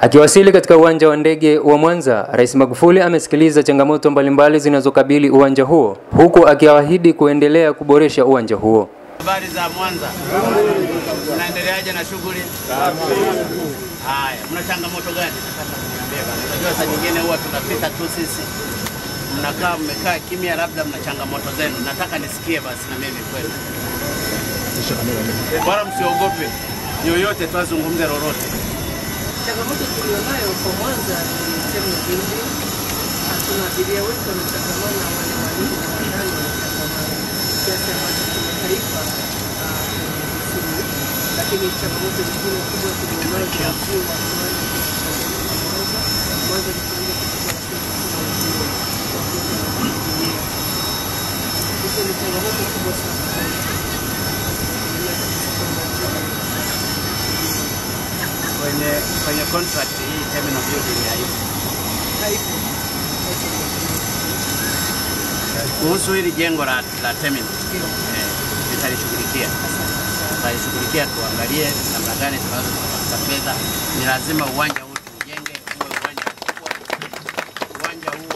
Akiwasili katika uwanja wa ndege wa Mwanza, Rais Magufuli amesikiliza changamoto mbalimbali zinazokabili uwanja huo huku akiahidi kuendelea kuboresha uwanja huo. Habari za Mwanza, mnaendeleaje na shughuli? Haya, mna changamoto gani? Unajua saa nyingine huwa tunapita tu sisi, mnakaa mmekaa kimya, labda mna changamoto zenu. Nataka nisikie basi na mimi kwenu, Bora msiogope yoyote, twazungumze lolote changamoto tulionayo kwa Mwanza ni terminal building. Hatuna abiria wengi wanatangamana, wale walio na wadani wanatangamana kiasi ambacho kimataifa ah, suu. Lakini changamoto nyingine kubwa tulionayo kwa ujio wa Mwanza. Mwanza ni kiwanja kikubwa, lakini hatuna ujio wa kuweza kutumia. Hizo ni changamoto kubwa sana. kwenye contract hii terminal building haipo. Haipo. Kuhusu hili jengo la, la terminal eh, nitalishughulikia tuangalie namna gani tunaweza kupata fedha. Ni lazima uwanja huu tujenge uwe uwanja mkubwa. Uwanja huu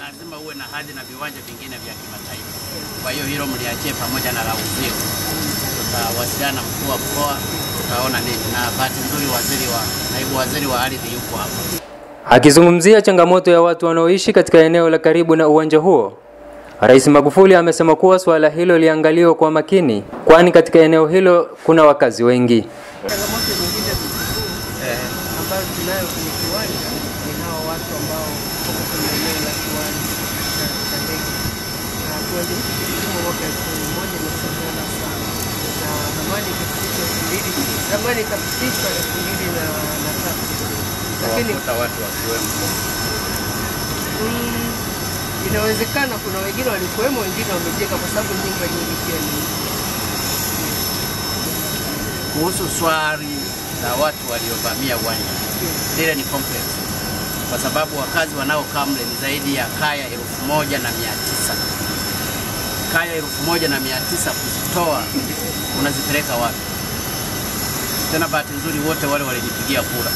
lazima uwe na hadhi na viwanja vingine vya kimataifa. Kwa hiyo hilo mliachie pamoja na la uzio, tutawasiliana mkuu wa mkoa tutaona nini, na bahati nzuri waziri wa naibu waziri wa ardhi yuko hapa. Akizungumzia changamoto ya watu wanaoishi katika eneo la karibu na uwanja huo, Rais Magufuli amesema kuwa suala hilo liangaliwe kwa makini, kwani katika eneo hilo kuna wakazi wengi. Changamoto nyingine eh, ambayo tunayo kwenye kiwanja ni hao watu ambao wako kwenye eneo la kiwanja cha ndege na zamani elfu mbili na tatu, lakini mm, inawezekana kuna wengine walikuwemo, wengine wamejenga, kwa sababu nyumba nyingi pia ni kuhusu swali la watu waliovamia uwanja lile, ni complex kwa sababu wakazi wanaokaa mle ni zaidi ya kaya elfu moja na mia tisa kaya elfu moja na mia tisa kuzitoa unazipeleka wapi? Tena bahati nzuri wote wale walinipigia kura,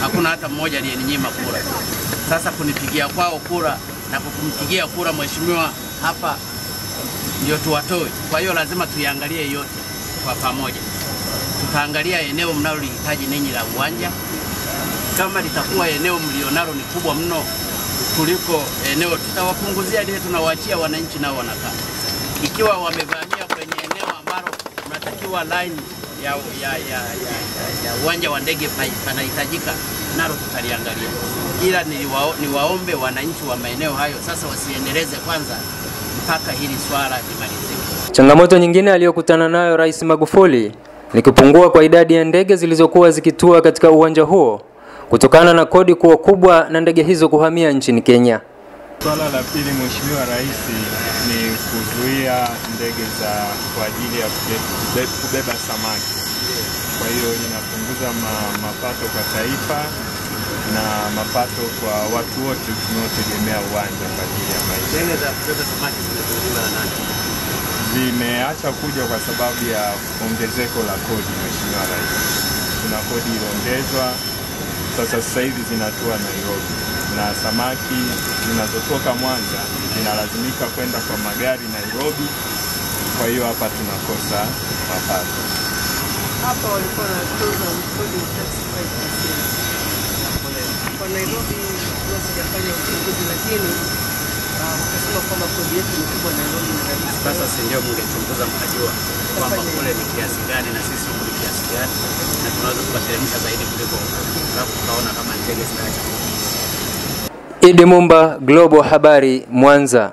hakuna hata mmoja aliyeninyima kura. Sasa kunipigia kwao kura na kumpigia kura mheshimiwa hapa ndio tuwatoe. Kwa hiyo lazima tuiangalie yote kwa pamoja. Tutaangalia eneo mnalolihitaji ninyi la uwanja, kama litakuwa eneo mlionalo ni kubwa mno kuliko eneo, tutawapunguzia lile, tunawaachia wananchi nao wanakaa. Ikiwa wamevamia kwenye eneo ambalo mnatakiwa line ya, ya, ya, ya, ya uwanja wa ndege panahitajika, nalo tutaliangalia, ila wa, niwaombe wananchi wa maeneo hayo sasa wasiendeleze kwanza mpaka hili swala limalizike. Changamoto nyingine aliyokutana nayo Rais Magufuli ni kupungua kwa idadi ya ndege zilizokuwa zikitua katika uwanja huo kutokana na kodi kuwa kubwa na ndege hizo kuhamia nchini Kenya. Swala la pili, Mheshimiwa Rais, ni kuzuia ndege za kwa ajili ya kubeba samaki. Kwa hiyo inapunguza ma, mapato kwa taifa na mapato kwa watu wote tunaotegemea uwanja kwa ajili ya maisha. Ndege za kubeba samaki zinazuiliwa na nani? Zimeacha kuja kwa sababu ya ongezeko la kodi, Mheshimiwa Rais. Kuna kodi iliongezwa sasa, sasa hivi zinatua Nairobi na samaki zinazotoka Mwanza zinalazimika kwenda kwa magari Nairobi, kwa hiyo hapa tunakosa mapato. walikuwa Kwa lakini ah, Sasa si ndio mngechunguza mkajua kwamba kule ni kiasi gani na sisi huku ni kiasi gani, na tunaweza tukateremsha zaidi kuliko, alafu tukaona kama ndege zinaacha Idi Mumba, Global Habari, Mwanza.